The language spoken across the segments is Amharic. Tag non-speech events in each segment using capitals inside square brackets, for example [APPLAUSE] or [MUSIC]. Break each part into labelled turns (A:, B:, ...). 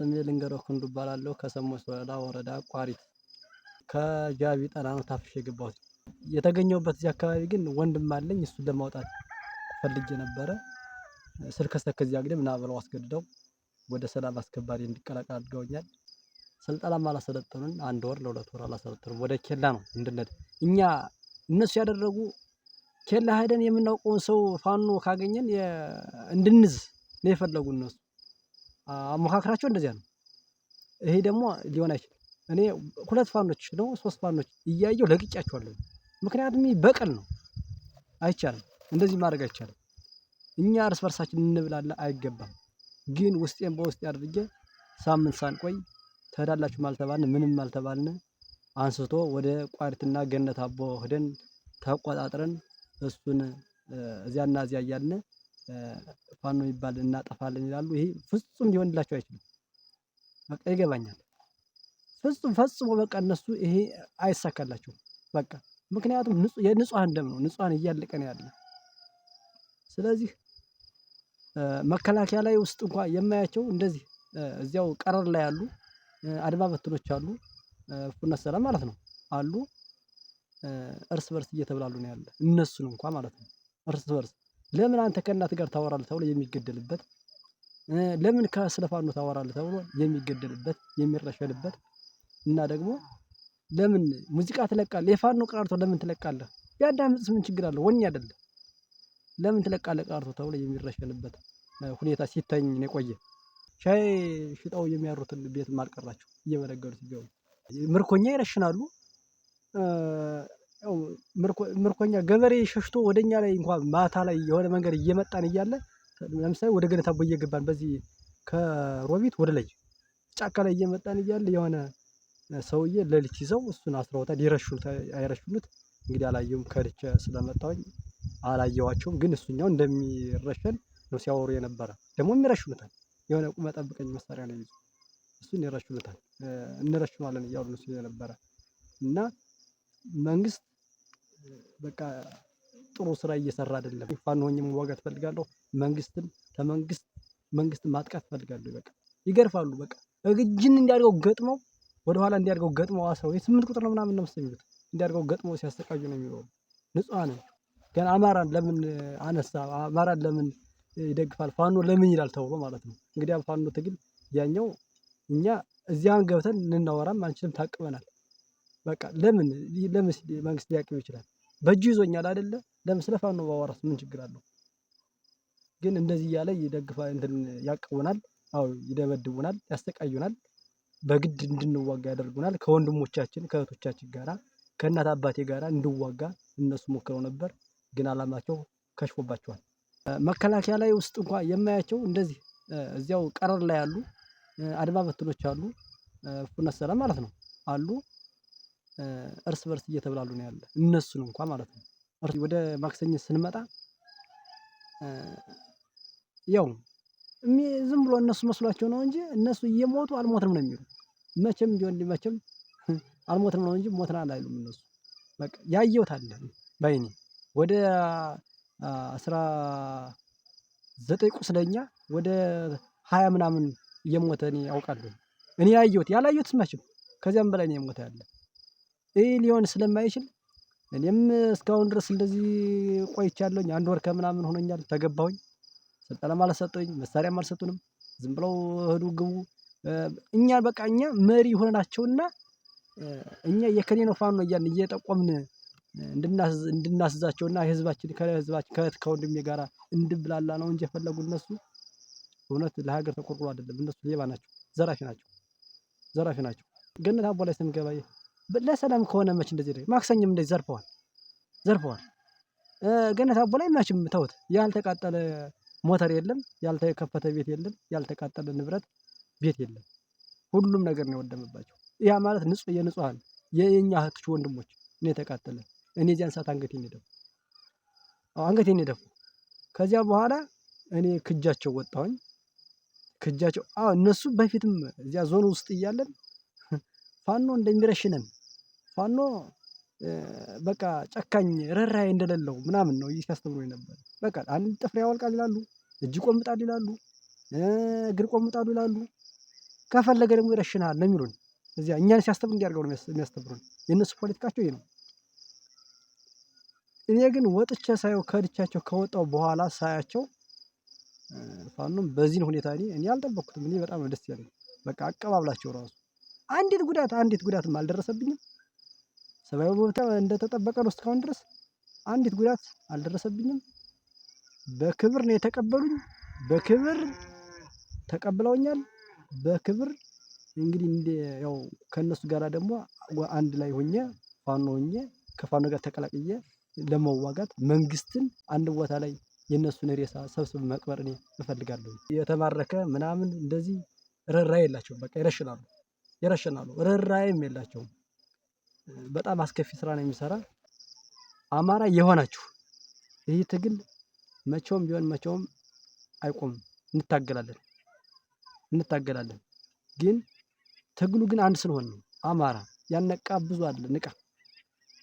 A: ስሜ ልንገረው ክንዱ እባላለሁ። ከሰሞች ወረዳ ወረዳ ቋሪት ከጃቢ ጠና ነው ታፍሽ የገባሁት። የተገኘሁበት እዚህ አካባቢ ግን ወንድም አለኝ። እሱን ለማውጣት ፈልጌ ነበረ። ስልክ ስልከሰት ከዚህ አግድም ምና ብለው አስገድደው ወደ ሰላም አስከባሪ እንዲቀላቀል አድርገውኛል። ስልጠናም አላሰለጠኑን። አንድ ወር ለሁለት ወር አላሰለጠኑም። ወደ ኬላ ነው እንድንሄድ እኛ እነሱ ያደረጉ ኬላ ሄደን የምናውቀውን ሰው ፋኖ ካገኘን እንድንዝ ነው የፈለጉ እነሱ። አሞካክራቸው እንደዚያ ነው። ይሄ ደግሞ ሊሆን አይችልም። እኔ ሁለት ፋኖች ነው ሶስት ፋኖች እያየሁ ለቅጫቸዋለሁ። ምክንያቱም በቀል ነው፣ አይቻልም። እንደዚህ ማድረግ አይቻልም። እኛ እርስ በርሳችን እንብላለ አይገባም። ግን ውስጤን በውስጤ አድርጌ ሳምንት ሳንቆይ ተዳላችሁም አልተባልን ምንም አልተባልን አንስቶ ወደ ቋሪትና ገነት አቦ ሄደን ተቆጣጥረን እሱን እዚያና እዚያ እያልን ፋኖ የሚባል እናጠፋለን ይላሉ። ይሄ ፍጹም ሊሆንላቸው አይችልም። በቃ ይገባኛል። ፍጹም ፈጽሞ በቃ እነሱ ይሄ አይሳካላቸውም። በቃ ምክንያቱም የንጹሐን ደም ነው፣ ንጹሐን እያለቀ ነው ያለ። ስለዚህ መከላከያ ላይ ውስጥ እንኳ የማያቸው እንደዚህ እዚያው ቀረር ላይ ያሉ አድማ በትኖች አሉ፣ እፉነት ሰላም ማለት ነው አሉ እርስ በርስ እየተብላሉ ነው ያለ እነሱን እንኳ ማለት ነው እርስ በርስ ለምን አንተ ከእናት ጋር ታወራለህ ተብሎ የሚገደልበት ለምን ከስለ ፋኖ ታወራለህ ተብሎ የሚገደልበት የሚረሸንበት እና ደግሞ ለምን ሙዚቃ ትለቃለህ የፋኖ ቀርቶ ለምን ትለቃለህ ቢያዳምጥስ ምን ችግር አለው ወኔ አይደለ ለምን ትለቃለህ ቀርቶ ተብሎ የሚረሸንበት ሁኔታ ሲተኝ ነው የቆየ ሻይ ሽጠው የሚያሩትን ቤት አልቀራቸው እየበነገዱ ሲገቡ ምርኮኛ ይረሽናሉ ምርኮኛ ገበሬ ሸሽቶ ወደ እኛ ላይ እንኳን ማታ ላይ የሆነ መንገድ እየመጣን እያለ ለምሳሌ ወደ ገነት አቦ እየገባን በዚህ ከሮቢት ወደ ላይ ጫካ ላይ እየመጣን እያለ የሆነ ሰውዬ ሌሊት ይዘው እሱን አስረውታል። ይረሹት አይረሹት እንግዲህ አላየሁም፣ ከድቼ ስለመጣሁኝ አላየኋቸውም። ግን እሱኛው እንደሚረሸን ነው ሲያወሩ የነበረ። ደግሞ የሚረሹሉታል የሆነ ቁመ ጠብቀኝ መሳሪያ ነው ይዞ እሱን ይረሽኑታል። እንረሽኗለን እያሉ ነው ሲሉ የነበረ እና መንግስት በቃ ጥሩ ስራ እየሰራ አይደለም። ፋኖ ሆኜ መዋጋት እፈልጋለሁ። መንግስትም ከመንግስት መንግስት ማጥቃት እፈልጋለሁ። በቃ ይገርፋሉ። በቃ እግጅን እንዲያድገው ገጥመው ወደኋላ እንዲያድርገው ገጥመው አስረው የስምንት ቁጥር ነው ምናምን ነው መሰለኝ የሚሉት ገጥመው ሲያሰቃዩ ነው የሚኖሩ። ንጹሐንን ግን አማራን ለምን አነሳ አማራን ለምን ይደግፋል ፋኖ ለምን ይላል ተብሎ ማለት ነው። እንግዲህ ፋኖ ትግል ያኛው እኛ እዚያን ገብተን እንናወራም አንችልም ታቅበናል። በቃ ለምን ለምን መንግስት ሊያቅም ይችላል? በእጁ ይዞኛል አይደለ? ለምን ስለ ፋኖ ባወራስ ምን ችግር አለው? ግን እንደዚህ እያለ ይደግፋ እንትን ያቅቡናል። አው ይደበድቡናል፣ ያሰቃዩናል፣ በግድ እንድንዋጋ ያደርጉናል። ከወንድሞቻችን ከእህቶቻችን ጋራ ከእናት አባቴ ጋራ እንድዋጋ እነሱ ሞክረው ነበር፣ ግን አላማቸው ከሽፎባቸዋል። መከላከያ ላይ ውስጥ እንኳ የማያቸው እንደዚህ እዚያው ቀረር ላይ ያሉ አድማ በትኖች አሉ፣ እፉነት ሰላም ማለት ነው አሉ እርስ በርስ እየተብላሉ ነው ያለ እነሱን እንኳ ማለት ነው። ወደ ማክሰኞ ስንመጣ ያው ዝም ብሎ እነሱ መስሏቸው ነው እንጂ እነሱ እየሞቱ አልሞትንም ነው የሚሉ መቼም ቢሆን መቼም [LAUGHS] አልሞትንም ነው እንጂ ሞትናል አይሉም እነሱ በቃ ያየሁት አለ በአይኔ ወደ አስራ ዘጠኝ ቁስለኛ ወደ ሃያ ምናምን እየሞተ እኔ አውቃለሁ እኔ ያየሁት ያላየሁትስ መቼም ከዚያም በላይ ነው የሞተ ያለ ይህ ሊሆን ስለማይችል እኔም እስካሁን ድረስ እንደዚህ ቆይቻለሁኝ አንድ ወር ከምናምን ሆኖኛል ተገባሁኝ። ስልጠናም አልሰጡኝም መሳሪያም አልሰጡንም ዝም ብለው እህዱ ግቡ። እኛ በቃ እኛ መሪ ሆነናቸውና እኛ የከኔ ነው ፋኖ እያን እየጠቆምን እንድናስዛቸውና ህዝባችን ከህዝባችን ከእህት ከወንድሜ ጋራ እንድንብላላ ነው እንጂ የፈለጉ እነሱ እውነት ለሀገር ተቆርቁሮ አይደለም እነሱ ሌባ ናቸው ዘራፊ ናቸው። ዘራፊ ናቸው ገነት አምቦ ላይ ስንገባ ለሰላም ከሆነ መች እንደዚህ ላይ ማክሰኝም እንደዚህ ዘርፈዋል ዘርፈዋል። ገነት አቦ ላይ መችም ተውት ያልተቃጠለ ሞተር የለም ያልተከፈተ ቤት የለም ያልተቃጠለ ንብረት ቤት የለም። ሁሉም ነገር ነው የወደመባቸው። ያ ማለት ንጹህ የንጹሃን የኛ እህቶች ወንድሞች እኔ የተቃጠለ እኔ እዚያን ሰዓት አንገቴን የደፉ አንገቴን የደፉ ከዚያ በኋላ እኔ ክጃቸው ወጣሁኝ። ክጃቸው አዎ እነሱ በፊትም እዚያ ዞን ውስጥ እያለን ፋኖ እንደሚረሽነን ፋኖ በቃ ጨካኝ ረራ እንደሌለው ምናምን ነው ሲያስተምሩኝ ነበር። በቃ አንድ ጥፍር ያወልቃል ይላሉ እጅ ቆምጣል ይላሉ እግር ቆምጣሉ ይላሉ ከፈለገ ደግሞ ይረሽናል ነው የሚሉን እዚያ እኛን ሲያስተምሩ እንዲያርገው ነው የሚያስተምሩን የእነሱ ፖለቲካቸው ይሄ ነው። እኔ ግን ወጥቼ ሳየው ከድቻቸው ከወጣው በኋላ ሳያቸው ፋኖም በዚህን ሁኔታ እኔ እኔ አልጠበቅኩትም እኔ በጣም ደስ ያለኝ በቃ አቀባብላቸው ራሱ አንዲት ጉዳት አንዲት ጉዳትም አልደረሰብኝም ሰብአዊ መብቴ እንደተጠበቀ ነው እስካሁን ድረስ አንዲት ጉዳት አልደረሰብኝም። በክብር ነው የተቀበሉኝ። በክብር ተቀብለውኛል። በክብር እንግዲህ ያው ከነሱ ጋር ደግሞ አንድ ላይ ሆኜ ፋኖ ሆኜ ከፋኖ ጋር ተቀላቅዬ ለመዋጋት መንግስትን አንድ ቦታ ላይ የእነሱን ሬሳ ሰብስብ መቅበር እኔ እፈልጋለሁ። የተማረከ ምናምን እንደዚህ ረራ የላቸውም። በቃ ይረሽናሉ ይረሽናሉ። ረራይም የላቸውም። በጣም አስከፊ ስራ ነው የሚሰራ። አማራ የሆናችሁ ይህ ትግል መቼውም ቢሆን መቼውም አይቆምም እንታገላለን። እንታገላለን ግን ትግሉ ግን አንድ ስለሆን ነው። አማራ ያነቃ ብዙ አለ። ንቃ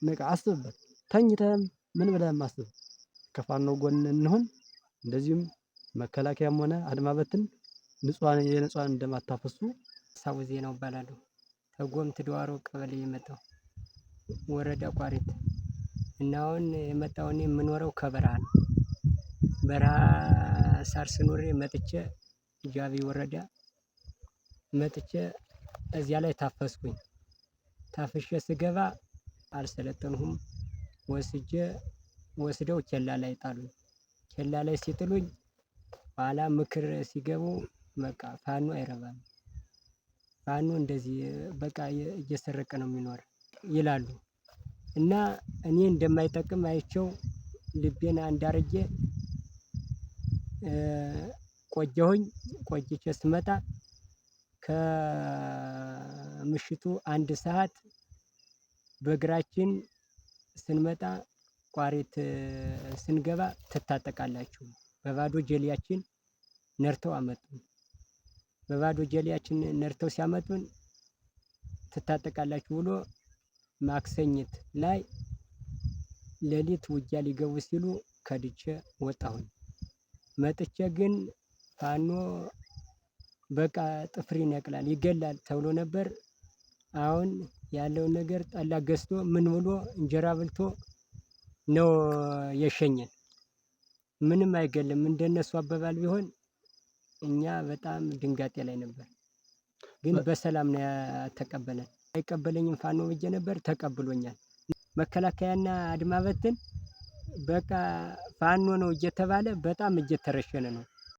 A: ንቃ፣ አስብበት። ተኝተህም ምን ብለህም አስብ። ከፋኖ ጎን እንሆን። እንደዚሁም መከላከያም ሆነ አድማበትን ንጹሃን የንጹሐን እንደማታፈሱ
B: ዜ ዜናው ባላሉ ከጎምት ድዋሮ ቀበሌ የመጣው ወረዳ ቋሪት እና አሁን የመጣው እኔ የምኖረው ከበረሃ ነው። በረሃ ሳር ስኖሬ መጥቼ ጃቢ ወረዳ መጥቼ እዚያ ላይ ታፈስኩኝ። ታፍሼ ስገባ አልሰለጠንሁም። ወስጄ ወስደው ኬላ ላይ ጣሉኝ። ኬላ ላይ ሲጥሉኝ ኋላ ምክር ሲገቡ በቃ ፋኖ አይረባም ፋኖ እንደዚህ በቃ እየሰረቀ ነው የሚኖር ይላሉ እና እኔ እንደማይጠቅም አይቸው ልቤን አንዳርጌ አርጌ ቆየሁኝ። ቆይቼ ስመጣ ከምሽቱ አንድ ሰዓት በእግራችን ስንመጣ ቋሪት ስንገባ ትታጠቃላችሁ በባዶ ጀሊያችን ነርተው አመጡን። በባዶ ጀሊያችን ነርተው ሲያመጡን ትታጠቃላችሁ ብሎ ማክሰኝት ላይ ሌሊት ውጊያ ሊገቡ ሲሉ ከድቼ ወጣሁኝ። መጥቼ ግን ፋኖ በቃ ጥፍር ይነቅላል ይገላል ተብሎ ነበር። አሁን ያለውን ነገር ጠላ ገዝቶ ምን ብሎ እንጀራ ብልቶ ነው የሸኘን። ምንም አይገልም። እንደነሱ አባባል ቢሆን እኛ በጣም ድንጋጤ ላይ ነበር። ግን በሰላም ነው ያተቀበለን። አይቀበለኝም ፋኖ ብዬ ነበር ተቀብሎኛል። መከላከያና አድማ በትን በቃ ፋኖ ነው እየተባለ በጣም እየተረሸነ ነው